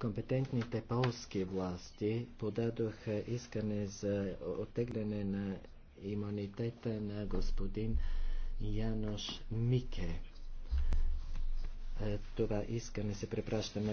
компетентните полски власти подадоха искане за оттегляне на имунитета на господин Янош Мике. Е, това искане се препраща на